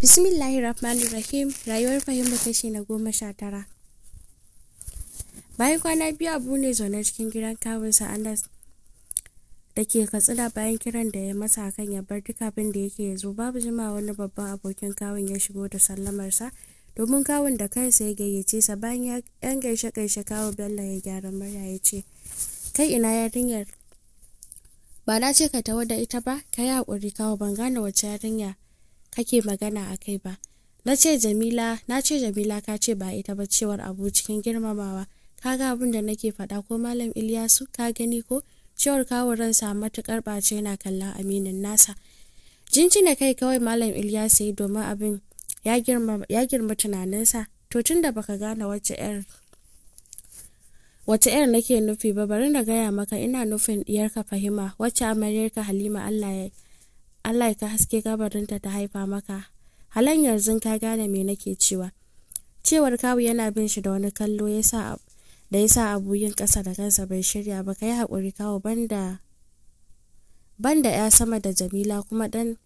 Bismillahir Rahmanir Rahim rayuwar fahimta kashi na goma sha tara. Bayan kwana biyu abu ne zaune cikin gidan kawunsa Anas da ke katsina bayan kiran da ya masa kan ya bar duk abin da yake ya zo babu jima wani babban abokin kawun ya shigo da sallamarsa domin kawun da kansa ya gayyace sa bayan yan gaishe-gaishe kawo bello ya gyara murya ya ce kai ina yarinyar ba na ce ka tawo da ita ba ka yi haƙuri kawo ban gane wace yarinya kake magana a kai ba na ce jamila na ce jamila ka ce ba ita ba cewar abu cikin girmamawa ka ga abin da nake faɗa ko malam ilyasu ka gani ko cewar kawo ransa matuƙar ɓace yana kallon aminin nasa jinjina kai kawai malam ilyasu yi domin abin ya girma tunaninsa to tun da baka gane wacce 'yar wace yar nake nufi ba bari na gaya maka ina nufin ka fahima wacce amaryarka halima allah ya ka haske gabarinta ta haifa maka halan yanzu ka gane me nake cewa cewar kawu yana bin shi da wani kallo ya sa da ya sa abu yin kasa da kansa bai shirya ba ka yi haƙuri kawo banda banda ya sama da jamila kuma dan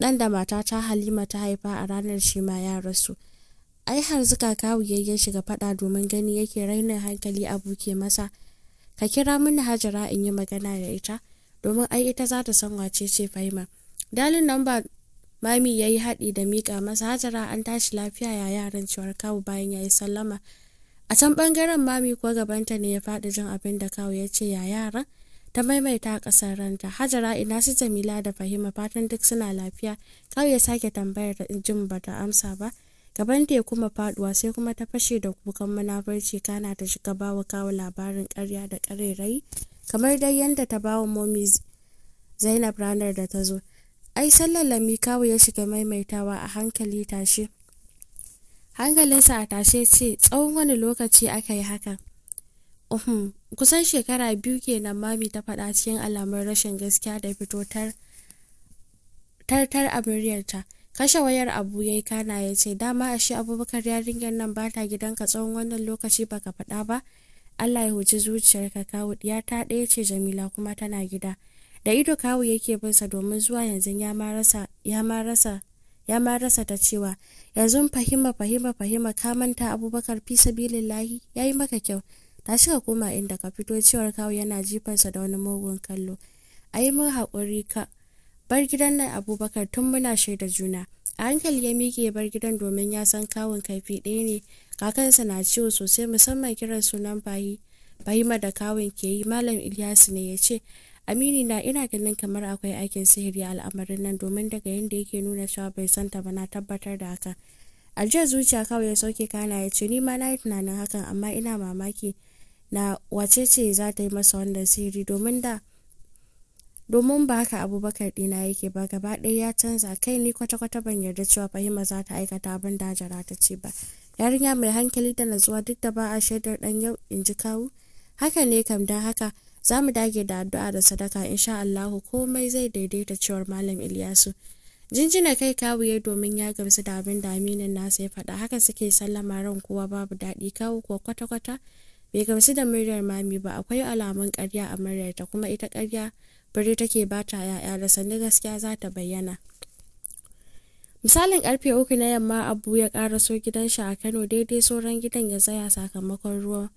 ɗan da matata halima ta haifa a ranar shi ma ya rasu ai har zuka kawu ya shiga faɗa domin gani yake rainin hankali abu ke masa ka kira mini hajara in yi magana da ita domin ai ita za ta san wace ce fahima dalin nan mami yayi yi haɗi da mika masa hajara an tashi lafiya ya yaran cewar kawu bayan yayi sallama a can ɓangaren mami ko gabanta ne ya faɗi jin abin da kawu ya ce ya yaran ta maimaita ƙasar ranta hajara ina su jamila da fahima fatan duk suna lafiya kawai ya sake tambayar da jin ba ta amsa ba gaban da ya kuma faduwa sai kuma ta fashe da kukan munafurci kana ta shiga bawa kawo labarin karya da karerai kamar dai yadda ta bawa momi zainab ranar da ta zo ai sallar lami kawo ya shiga maimaitawa a hankali tashe hankalinsa a tashe ce tsawon wani lokaci aka yi hakan Uhm, kusan shekara biyu kenan mami ta faɗa cikin alamar rashin gaskiya da fito tartar a muryarta kashe wayar abu ya yi kana ya ce dama shi abubakar yarinyar nan ba ta gidanka tsawon wannan lokaci baka faɗa ba allah ya huci zuciyarka kawu ya ta ɗaya ce jamila kuma tana gida da ido kawu yake binsa domin zuwa yanzu ya ma rasa ta cewa yanzu fahima fahima fahima ka manta abubakar fi sabilillahi ya yi maka kyau na shiga koma inda ka fito cewar kawu yana jifansa da wani mugun kallo a yi mun haƙuri ka bar gidan nan abubakar tun muna shaida juna a hankali ya miƙe bar gidan domin ya san kawun kaifi ɗaya ne kakansa na ciwo sosai musamman kiran sunan bayi bahima da kawun ke yi malam ilyasu ne ya ce amini na ina ganin kamar akwai aikin sihiri al'amarin nan domin daga yadda yake nuna cewa bai san ta ba na tabbatar da haka a jiya zuciya kawai ya sauke kana ya ce ni ma na yi tunanin hakan amma ina mamaki na wace ce za ta yi masa wannan sirri domin da domin ba haka abubakar dina yake ba gaba ɗaya ya canza kai ni kwata-kwata ban yarda cewa fahima za ta aikata abin da jara ta ce ba yarinya mai hankali da natsuwa duk da ba a shaidar dan yau in ji kawu haka ne kam da haka za mu dage da addu'a da sadaka insha Allahu komai zai daidaita cewar malam Ilyasu jinjina kai kawu ya domin ya gamsu da abin da aminin nasa ya faɗa haka suke sallama ran kowa babu daɗi kawu ko kwata-kwata bai gamsu da muryar mami ba akwai alamun karya a ta kuma ita karya bari take ba ta ya'ya da sannu gaskiya za ta bayyana misalin karfe uku na yamma abu ya karaso gidan shi a kano daidai sauran gidan ya tsaya sakamakon ruwa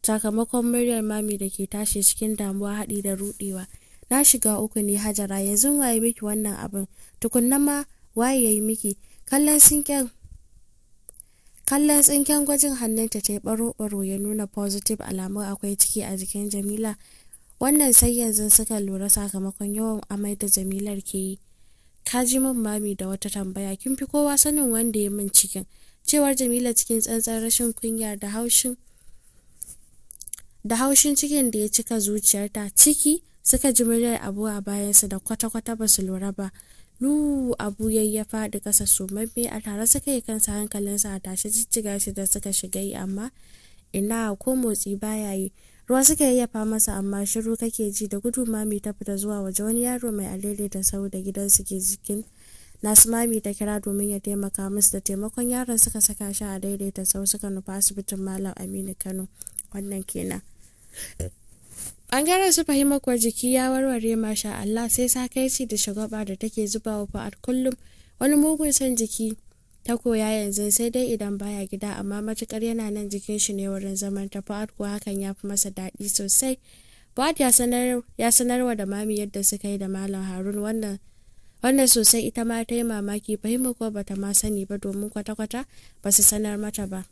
sakamakon muryar mami da ke tashi cikin damuwa haɗi da rudewa na shiga uku ne hajara yanzu waye miki wannan abin tukunna ma waye ya yi miki kallon sinken kallon tsinken gwajin hannunta ta yi baro-baro ya nuna positive alamun akwai ciki a jikin jamila wannan sai yanzu suka lura sakamakon yawan amai da jamilar ke yi ka ji min mami da wata tambaya kin fi kowa sanin wanda ya min cikin cewar jamila cikin tsantsan rashin kunya da haushin cikin da ya cika zuciyarta ciki suka ji muryar abu a bayansa da kwata-kwata ba su lura ba lu abu ya faɗi ƙasa sumabbe a tare suka yi kansa hankalinsa a tashe jijjiga shi da suka shiga yi amma ina ko motsi baya yi ruwa suka yayyafa masa amma shiru kake ji da gudu mami ta fita zuwa waje wani yaro mai alele da sau da gidansu ke jikin nasu mami ta kira domin ya taimaka musu da taimakon yaron suka saka shi a daidaita sau suka nufa asibitin malam aminu kano wannan kenan Bangaren su fahimar jiki ya warware masha Allah sai sakaici da shagaba da take zuba wa fa'ar kullum wani mugun son jiki ta koya yanzu sai dai idan baya gida amma matukar yana nan jikin shi ne wurin zaman ta fa'ar ko hakan ya fi masa daɗi sosai. Fa'ad ya sanarwa da mami yadda suka yi da Malam Harun wannan wannan sosai ita ma ta yi mamaki fahimar ba bata ma sani ba domin kwata-kwata ba su sanar mata ba.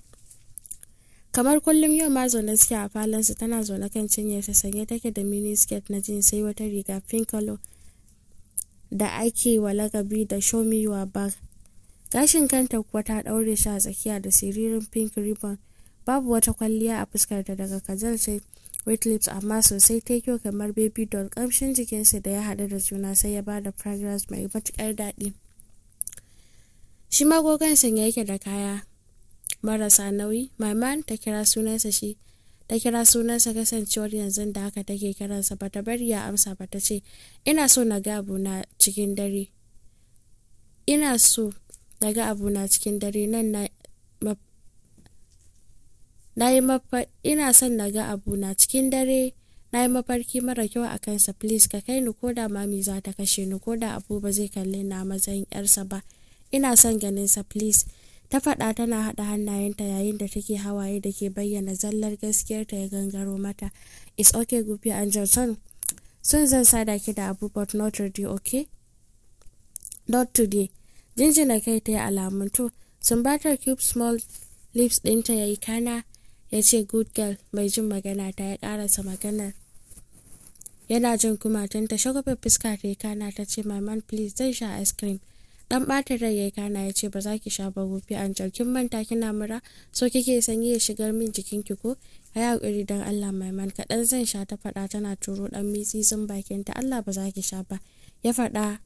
kamar kullum yau ma zaune suke a falonsa tana zaune kan cinyarsa sanye take da mini skirt na jin sai wata riga pink color da ake wa lagabi da show me your bag gashin kanta kuwa ta daure shi a tsakiya da siririn pink ribbon babu wata kwalliya a fuskarta daga kazal sai white lips amma sosai ta kyau kamar baby doll kamshin jikinsa da ya haɗu da juna sai ya bada fragrance mai matukar daɗi shi magogon sanya yake da kaya marasa nauyi maman ta kira sunansa shi ta kira sunansa kasancewar yanzu da haka take kiransa ba ta bari ya amsa ba ta ce ina so na ga abu na cikin dare ina so na ga abu na cikin dare nan na ina son na ga abu na cikin dare na yi mafarki mara kyau a kansa please ka kai ni koda mami za ta kashe ni koda abu ba zai kalli na matsayin yarsa ba ina son ganin sa please ta faɗa tana haɗa hannayenta yayin da take hawaye da ke bayyana zallar gaskiyar ta ya gangaro mata it's okay gupi an johnson sun zan sada ki da abu but not today okay not today jinjina kai ta yi alamun to sumbatar cube small lips ɗinta ya yi kana ya ce good girl mai jin magana ta ya karasa maganar yana jin kuma tun ta shagwabe fuska ta yi kana ta ce my man please zai sha ice cream dan bata rai yayi kana ya ce ba za ki sha ba gobe an jar kin manta kina mura so kike sanyi ya shigar min jikin ki ko ayi hakuri dan Allah mai man dan zan sha ta fada tana turo dan mitsi sun bakin ta Allah ba za ki sha ba ya fada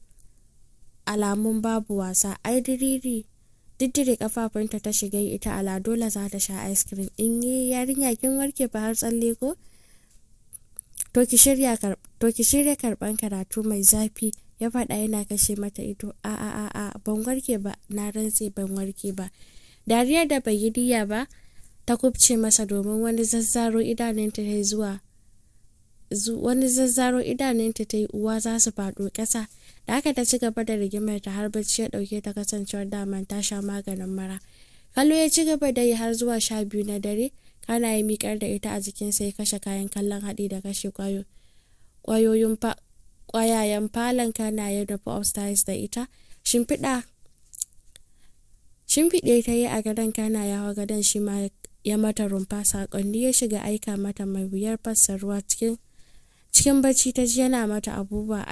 alamun babu wasa ai diriri diddire kafafunta ta shiga ita ala dole za ta sha ice cream in yi yarinya kin warke ba har tsalle ko to ki shirya karban karatu mai zafi ya faɗa yana kashe mata ido a a a a ban warke ba na rantse ban warke ba dariya da bai yi diya ba ta kubce masa domin wani zazzaro idanunta ta zuwa wani zazzaro idanunta ta yi uwa za su faɗo ƙasa da haka ta ci gaba da rigimar ta har bacci ya ɗauke ta kasancewar daman ta sha maganin mara kallo ya ci gaba da yi har zuwa sha biyu na dare kana ya miƙar da ita a jikin sai kashe kayan kallon haɗi da kashe ƙwayoyin ƙwayayen falon yi da pop stars da ita shimfiɗa shimfiɗe ta yi a gadon kana ya hau gadon shi ma ya mata rumfa saƙonni ya shiga aika mata mai wuyar fassarwa cikin cikin bacci ta ji yana mata abubuwa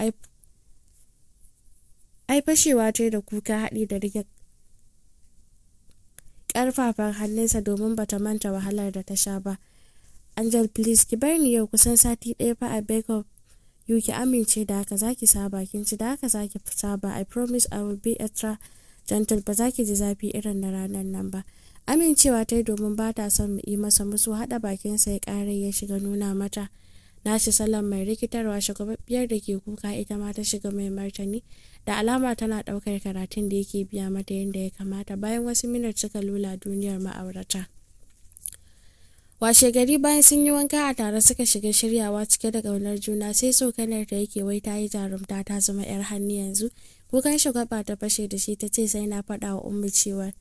ai fashewa ta da kuka haɗi da rike ƙarfafan hannunsa domin bata manta wahalar da ta sha ba angel please ki bar ni yau kusan sati ɗaya fa a bake you ki amince da haka ki saba kin ci da haka zaki saba i promise i will be extra gentle ba za ki ji zafi irin na ranar nan ba amincewa ta yi domin ba ta son mu yi masa musu haɗa bakin sa ya ƙarai ya shiga nuna mata nashi salon mai rikitarwa shagwabbiyar da ke kuka ita ma ta shiga mai martani da alama tana ɗaukar karatun da yake biya mata yadda ya kamata bayan wasu minar suka lula duniyar ma'aurata. washe gari bayan sun yi wanka a tare suka shiga shiryawa cike da ƙaunar juna sai tsokanar da yake wai ta yi jarumta ta zama yar hannu yanzu kukan shugaba ta fashe da shi ta ce sai na faɗa wa ummi cewa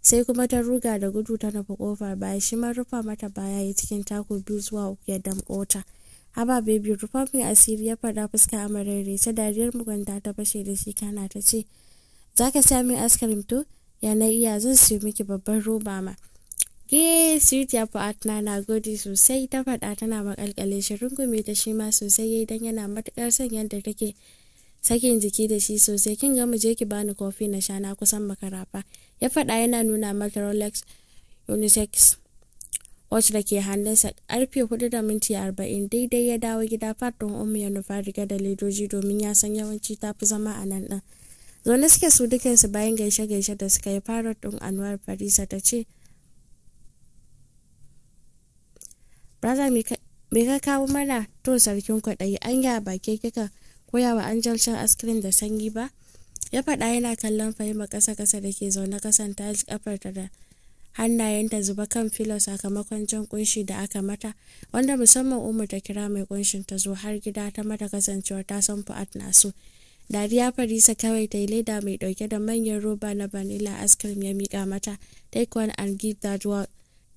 sai kuma ta ruga da gudu ta nufi kofar baya shi ma rufa mata baya ya cikin taku biyu zuwa uku ya damƙo ta haba bebi rufa mai asiri ya faɗa fuska amarere ta dariyar mugunta ta fashe da shi kana ta ce za ka sami ice to ya na iya zan siyo miki babban roba ma Ge eh, Sweet ya Atna na gode sosai ta faɗa tana makalkale shi rungume ta shi ma sosai yayi dan yana matukar son yadda take sakin jiki da shi sosai kin ga mu je ki bani kofi na sha na kusan makarafa ya faɗa yana nuna mata Rolex unisex wacce da ke hannunsa karfe hudu da minti 40 daidai ya dawo gida fatan umu ya nufa riga da ledoji domin ya san yawanci ta fi zama a nan ɗin zaune suke su dukansu bayan gaishe-gaishe da suka yi farar ɗin anwar farisa ta ce raza me ka kawo mana to sarkin kwaɗayi anya ba ke kika koya wa an shan askirin da sanyi ba? Ya faɗa yana kallon fahimar ƙasa-ƙasa da ke zaune ƙasan ta kafarta da hannayen ta zuba kan filo sakamakon jan kunshi da aka mata wanda musamman umar ta kira mai kunshin ta zo har gida ta mata kasancewa ta san fu'ad na ya dariya farisa kawai ta yi leda mai ɗauke da manyan roba na vanilla ice cream ya miƙa mata take one and give that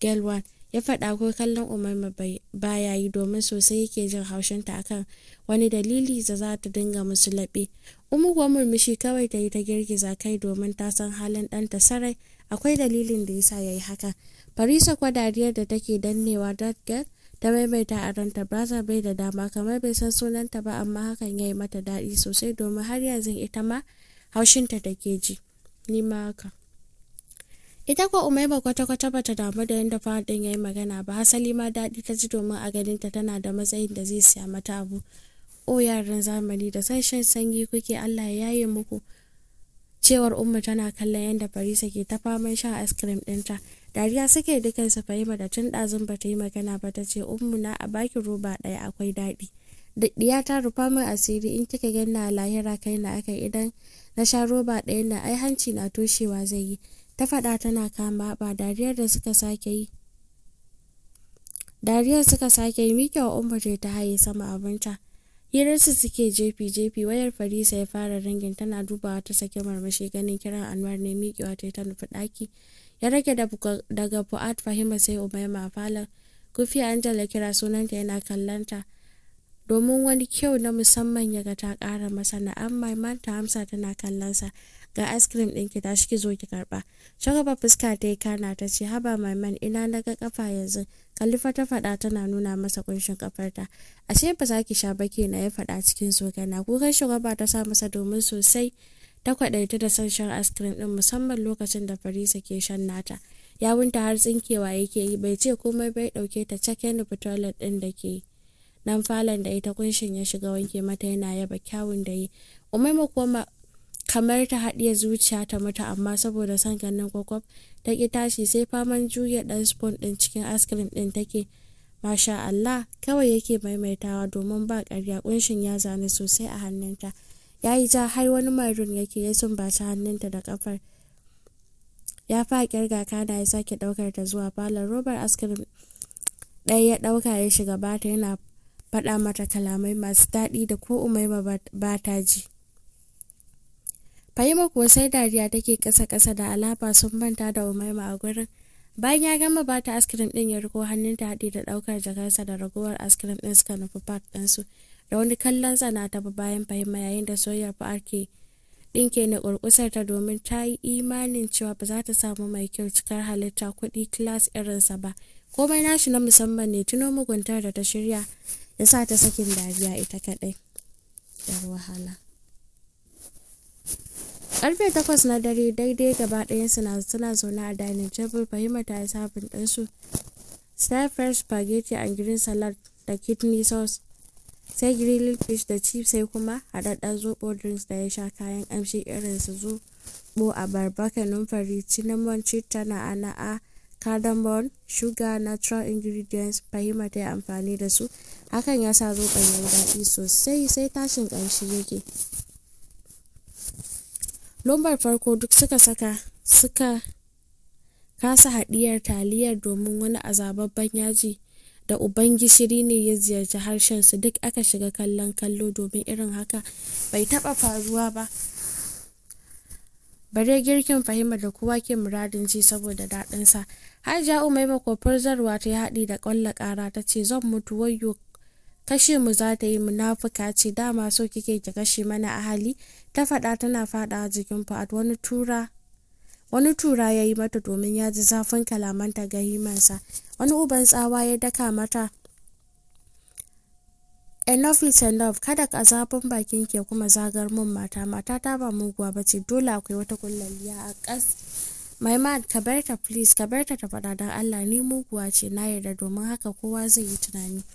girl one ya faɗa ko kallon umarma baya yi domin sosai yake jin haushinta akan wani dalili da za ta dinga musu laɓe umu murmushi kawai ta yi ta girgiza kai domin ta san halin ɗanta sarai akwai dalilin da yasa ya yi haka farisa kwa dariyar da take dannewa dadgar ta maimaita a ranta brazil bai da dama kamar bai san sunanta ba amma hakan ya yi mata daɗi sosai domin har yanzu ita ma haushinta take ji ni ma haka ita ko umaima kwata-kwata bata damu da yadda fadin ya yi magana ba hasali ma daɗi ta ji domin a ganin ta tana da matsayin da zai siya mata abu o yaran zamani da sashen sanyi kuke allah ya yi muku cewar umma tana kallon yadda farisa ke ta faman sha ice cream ta. dariya suke su fahima da tun ɗazun ba yi magana ba ta ce ummu na a baki roba ɗaya akwai daɗi daɗiya ta rufa min asiri in kika ganna lahira kai na aka idan na sha roba ɗaya na ai hanci na toshewa zai yi ta faɗa tana kama ba dariyar da suka sake yi dariyar suka sake yi mikewa umar ta haye sama abinta hirarsu suke jefi-jefi wayar farisa ya fara rangin tana dubawa ta sake marmashi ganin kiran anwar ne mikewa ta ta nufi ɗaki ya rage daga fu'ad fahima sai umaima falon kufi angela kira sunanta yana kallanta domin wani kyau na musamman ya ga ta ƙara masa na'am manta amsa tana kallonsa ga ice cream ɗinki tashi ki zo ki karɓa shagaba fuska ta yi kana ta ce haba mai man ina na ga kafa yanzu kalifa ta faɗa tana nuna masa kunshin kafarta ashe ba za ki sha ba na ya faɗa cikin tsokana kukan sharaba ta sa masa domin sosai ta kwaɗaita da son shan ice cream ɗin musamman lokacin da farisa ke shan nata yawunta har tsinkewa yake yi bai ce komai bai ɗauke ta cakin nufi toilet ɗin da ke nan falon da ita kunshin ya shiga wanke mata yana yaba kyawun da yi umaima kuma kamar ta haɗiye zuciya ta mutu amma saboda son ganin kwakwaf ta ƙi tashi sai faman juya ɗan spoon ɗin cikin askirim ɗin take masha Allah kawai yake maimaitawa domin ba ƙarya ƙunshin ya zane sosai a hannunta ya yi ja har wani marun yake ya sumbaci hannunta da kafar ya fa kirga kana ya sake ɗaukar ta zuwa falon robar askirim ɗaya ya ɗauka ya shiga bata yana faɗa mata kalamai masu daɗi da ko umaima ba ta ji. Fahima kuwa sai dariya take kasa-kasa da alaba sun manta da Umaima a gurin. Bayan ya gama ba ta askirim ɗin ya riko hannunta haɗi da ɗaukar jakarsa da ragowar askirim ɗin suka nufi park ɗinsu. Da wani kallon tsana ta bi bayan Fahima yayin da soyayyar park ke ɗinke na ƙurƙusar ta domin ta yi imanin cewa ba za ta samu mai kyau cikar halitta kuɗi class irinsa ba. Komai nashi na musamman ne tuno muguntar da ta shirya ya sa ta sakin dariya ita kaɗai. da wahala. karfe takwas na dare daidai gaba ɗayansu na suna zaune a dining table fahimta ta yi sabon ɗinsu spaghetti and green salad da kidney sauce sai grilled fish da chips sai kuma haɗaɗɗen zobo drinks da ya sha kayan ƙamshi irin su zobo abarba kanumfari cinnamon citta a cardamom sugar natural ingredients fahima ta yi amfani da su hakan ya sa zoɓon ya yi daɗi sosai sai tashin ƙamshi yake lambar farko duk suka saka suka kasa haɗiyar taliyar domin wani azababban yaji da ubangishiri ne ya ziyarci harshen su duk aka shiga kallon kallo domin irin haka bai taɓa faruwa ba bare girkin fahimtar da kowa ke muradin ji saboda daɗinsa hajiya mai makofar zarwa ta yi haɗi da ƙwallo ƙara ta ce zan mutu wayo. kashe mu za ta yi munafuka ce dama so kike ki kashe mana a hali ta faɗa tana faɗa jikin fa'ad wani tura wani tura ya yi mata domin ya ji zafin kalamanta ga himansa wani uban tsawa ya daka mata enough is enough kada ka zafin bakin ke kuma zagar mun mata mata ta ba muguwa ba ce dole akwai wata kullaliya a kas maiman ka bar ta please ka bar ta ta faɗa don allah ni muguwa ce na yarda domin haka kowa zai yi tunani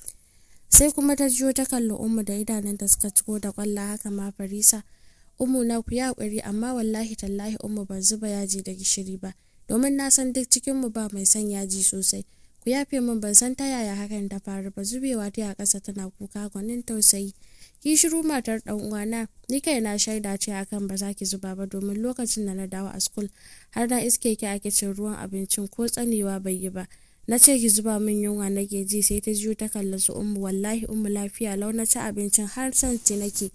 sai kuma ta jiyo ta kalli umu da idanun da suka ciko da kwalla haka ma farisa umu na ku ya ƙuri amma wallahi tallahi umu ban zuba yaji da gishiri ba domin na san duk cikin mu ba mai san yaji sosai ku yafe min ban san ta yaya hakan ta faru ba zubewa ta a kasa tana kuka gwanin tausayi ki shiru matar dan uwana ni kai na shaida ce akan ba za ki zuba ba domin lokacin da na dawo a school har na iske ki a kicin ruwan abincin ko tsanewa bai yi ba na ce ki zuba min yunwa nake ji sai ta jiyo ta kalli su umu wallahi umu lafiya lau na abincin har son ci nake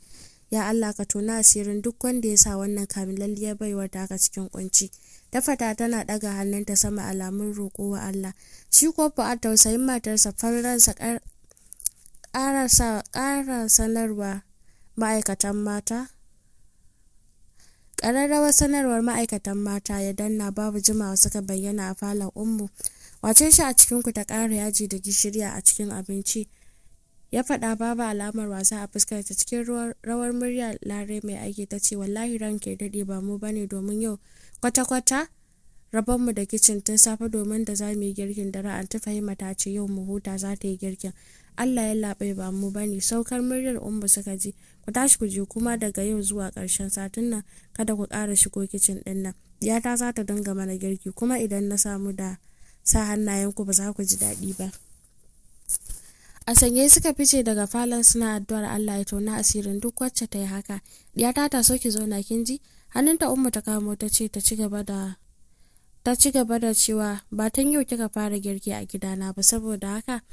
ya Allah ka tona asirin duk wanda ya sa wannan kamilalliyar baiwar ta cikin kunci ta fata tana daga ta sama alamun roƙo wa Allah shi ko a tausayin matarsa farransa ƙara sanarwa ma'aikatan mata ƙararrawar sanarwar ma'aikatan mata ya danna babu jimawa suka bayyana a falon ummu wace shi a cikin ku ta ƙara yaji da gishiri a cikin abinci ya faɗa babu alamar wasa a fuskar ta cikin rawar murya lare mai aiki ta ce wallahi ran ke daɗe ba mu bane domin yau kwata-kwata mu da kicin tun safe domin da za mu yi girkin da an ta fahima ta ce yau mu huta za ta yi girkin allah ya laɓe ba mu bane saukar muryar umma suka ji ku tashi ku je kuma daga yau zuwa ƙarshen satin nan kada ku ƙara shigo kicin ɗin nan yata za ta dinga mana girki kuma idan na samu da sa hannayen ku ba za ku ji daɗi ba a sanye suka fice daga falon suna addu'ar Allah ya tona asirin duk wacce ta yi haka ɗiya ta so ki zauna kin ji hannunta umma ta kamo ta ce ta ci gaba da ta ci gaba da cewa ba tan yau kika fara girki a gidana ba saboda haka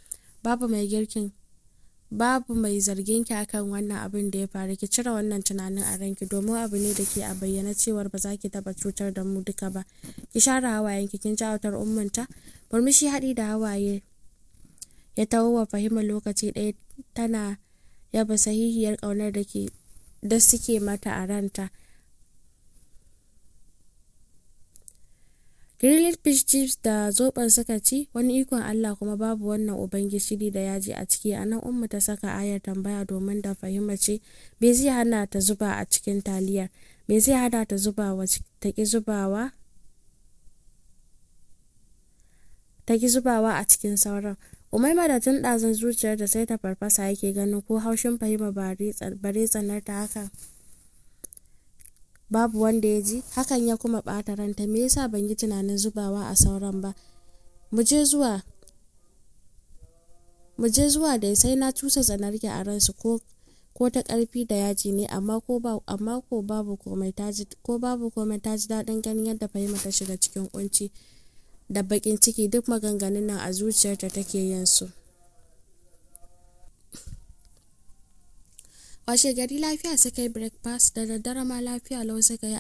babu mai girkin babu mai zargin ki akan wannan abin da ya faru ki cire wannan tunanin a ranki domin abu ne da ke a bayyana cewar ba za ki taba cutar da mu duka ba ki share hawayen ki kin jawatar autar murmushi haɗi da hawaye ya taho wa fahima lokaci ɗaya tana yaba sahihiyar ƙaunar da ke da suke mata a ranta grilled fish da zoɓon suka ci wani ikon allah kuma babu wannan Ubangiji da da yaji a ciki a nan umma ta saka ayar tambaya domin da fahima ce me zai hana ta zuba a cikin taliyar me zai hana ta zubawa ta ki zubawa ta ki zubawa a cikin sauran umaima da tun ɗazun zuciyar da sai ta farfasa yake ganin ko haushin fahima bare tsanarta haka babu wanda ya ji hakan ya kuma ɓata ranta me yasa ban yi tunanin zubawa a sauran ba mu je zuwa mu je dai sai na cusa zanarke a ransu ko ko ta ƙarfi da yaji ne amma ko ba amma babu komai ta ji daɗin ganin yadda fahimta ta shiga cikin kunci da bakin ciki duk maganganun nan a zuciyarta take yin su. washe gari lafiya suka yi breakfast da daddare ma lafiya lau suka yi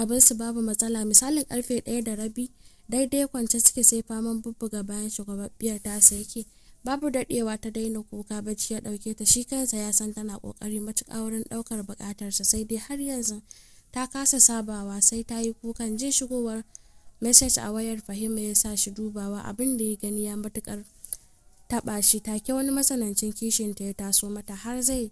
abin su babu matsala misalin karfe ɗaya da rabi daidai kwance suke sai faman bubbuga bayan shugababbiyar tasa yake babu daɗewa ta daina kuka bacci ya ɗauke ta shi kansa ya san tana kokari matuƙa wurin ɗaukar buƙatarsa sai dai har yanzu ta kasa sabawa sai ta yi kukan jin shigowar message a wayar fahima ya sa shi dubawa abin da ya gani ya matuƙar taɓa shi take wani masanancin kishin ta ya taso mata har zai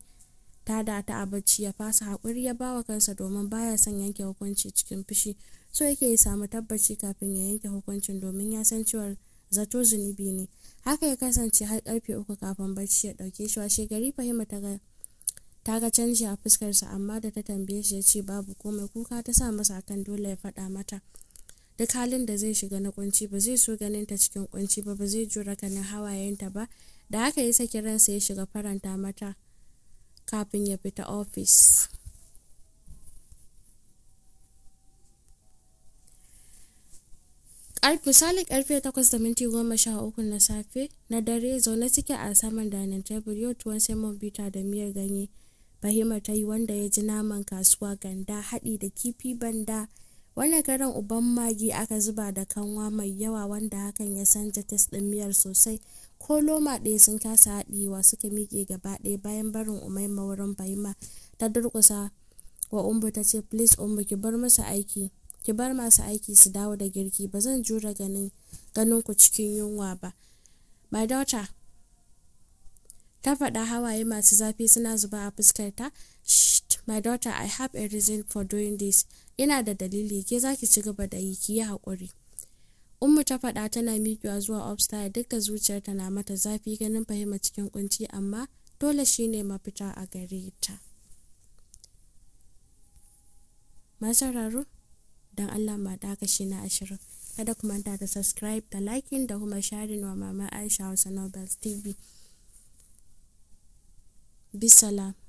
tada ta a bacci ya fasa haƙuri ya bawa kansa domin baya son yanke hukunci cikin fushi so yake ya samu tabbaci kafin ya yanke hukuncin domin ya san cewar zato zunubi ne haka ya kasance har karfe uku kafin bacci ya dauke shi washe gari fahima ta ga ta ga canji a fuskarsa amma da ta tambaye shi ya ce babu komai kuka ta sa masa akan dole ya faɗa mata duk halin da zai shiga na kunci ba zai so ganin ta cikin kunci ba ba zai jura ganin hawayenta ba da haka ya saki ransa ya shiga faranta mata kafin ya fita ofis misali karfe takwas da minti na safe na dare zaune suke a saman dining table yau tuwon simon bita da miyar ganye bahima ta yi wanda ya ji naman kasuwa ganda haɗi da kifi banda wani garin uban magi aka zuba da kanwa mai yawa wanda hakan ya sanja tes ɗin miyar sosai ko loma ɗaya sun kasa haɗewa suka miƙe gaba ɗaya bayan barin umai wurin bahima ta durƙusa wa umbu ta ce please umbu ki bar masa aiki ki bar masu aiki su dawo da girki ba zan jura ganin ganin ku cikin yunwa ba my daughter ta faɗa hawaye masu zafi suna zuba a fuskar ta my daughter i have a reason for doing this ina da dalili ke zaki ci gaba da yi ki yi haƙuri ummu ta faɗa tana miƙewa zuwa upstairs duk da zuciyarta na mata zafi ganin fahimta cikin kunci amma dole shine mafita a gare ta masararo don allah ma da shi na ashirin kada ku manta da subscribe da liking da kuma sharing wa mama aisha hausa Nobles tv bisalam